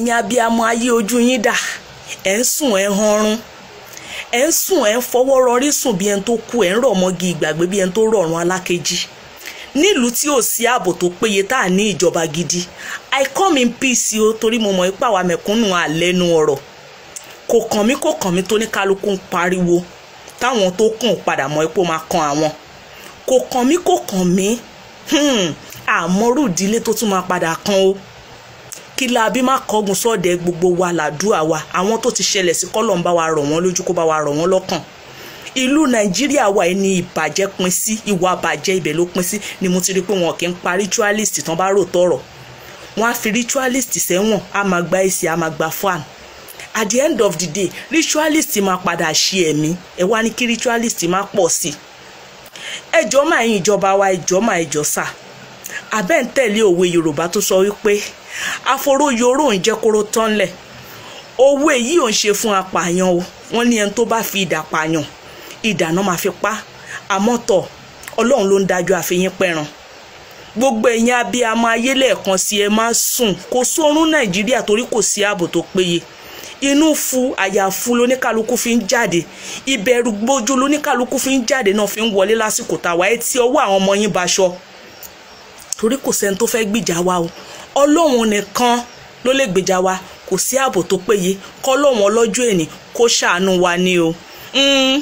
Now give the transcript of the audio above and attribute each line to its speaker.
Speaker 1: ẹ̀yin abiyamọ ayé ojú yín dà ẹ̀ ń sùn ẹ̀ ń hanrun ẹ̀ ń sùn ẹ̀ ń fọwọ́ rọrí sùn bí ẹni tó kú ẹ̀ ń rọ̀ mọ́gi ìgbàgbé bí ẹni tó rọ̀rùn alákejì nílùú tí ò sí ààbò tó péye tá à ní ìjọba gidi i come in peace o torí mo mọ̀ ipá wa mẹ̀kúnnù àlẹ́nu ọ̀rọ̀ kò kàn mí kò kàn mí tó ní kálukú ń pariwo táwọn tó kàn padà mọ̀ ipò máa kan àwọn kò kàn mí kò kàn mí hmm, àmọ́rù ìdílé tó tún máa padà kan o kí la bí má kọgun sọ́ọ̀dẹ̀ gbogbo wa làdúrà wa àwọn tó ti ṣẹlẹ̀ sí kọ́lọ̀ ń bá wa rọ̀ wọ́n lójú kó bá wa rọ̀ wọ́n lọ́kàn ìlú nàìjíríà wa ẹni ìbàjẹ́ pin sí ìwà àbàjẹ́ ibẹ̀ ló pin sí ni mo ti rí pé wọn kì í pa ritualist tán bá rò tọ̀rọ̀ wọn á fi ritualist sẹ́wọ̀n á máa gba èsì á máa gba fan at the end of the day ritualist máa padà ṣe ẹ̀mí ẹ wá ní kí ritualist máa pọ̀ sí i ẹjọ́ máa yin ìjọba wa ẹjọ́ máa ẹjọ́ sáà àbẹ́ ń tẹ̀lé òwe yorùbá tó sọ wípé aforo yorò ń jẹ́ kóró tán lẹ̀ owó èyí ò ń ṣe fún apààyàn o wọ́n ní ẹni tó bá fi idà pààyàn idà náà máa fi pa àmọ́ tọ̀ ọlọ́run ló ń dájọ́ àfihàn pẹ̀ràn gbogbo ẹ̀yin abiyamọ ayé lẹ́ẹ̀kan sí ẹ máa sùn kò sórun nàìjíríà torí kò sí ààbò tó péye inú fu àyàfu lóníkálukú fi ń jáde ìbẹ̀rù gbójú lóníkálukú fi ń jáde náà fi ń wọlé lásìkò tàwa ẹ ti ọwọ́ àwọn ọmọ yín baṣọ torí kò sẹ́ni tó fẹ́ẹ́ gbìjà wa o ọlọ́run nìkan ló lè gbèjà wa kò sí ààbò tó péye kọ́lọ́run ọlọ́jọ́ èní kó ṣàánú wa ni o. Mm.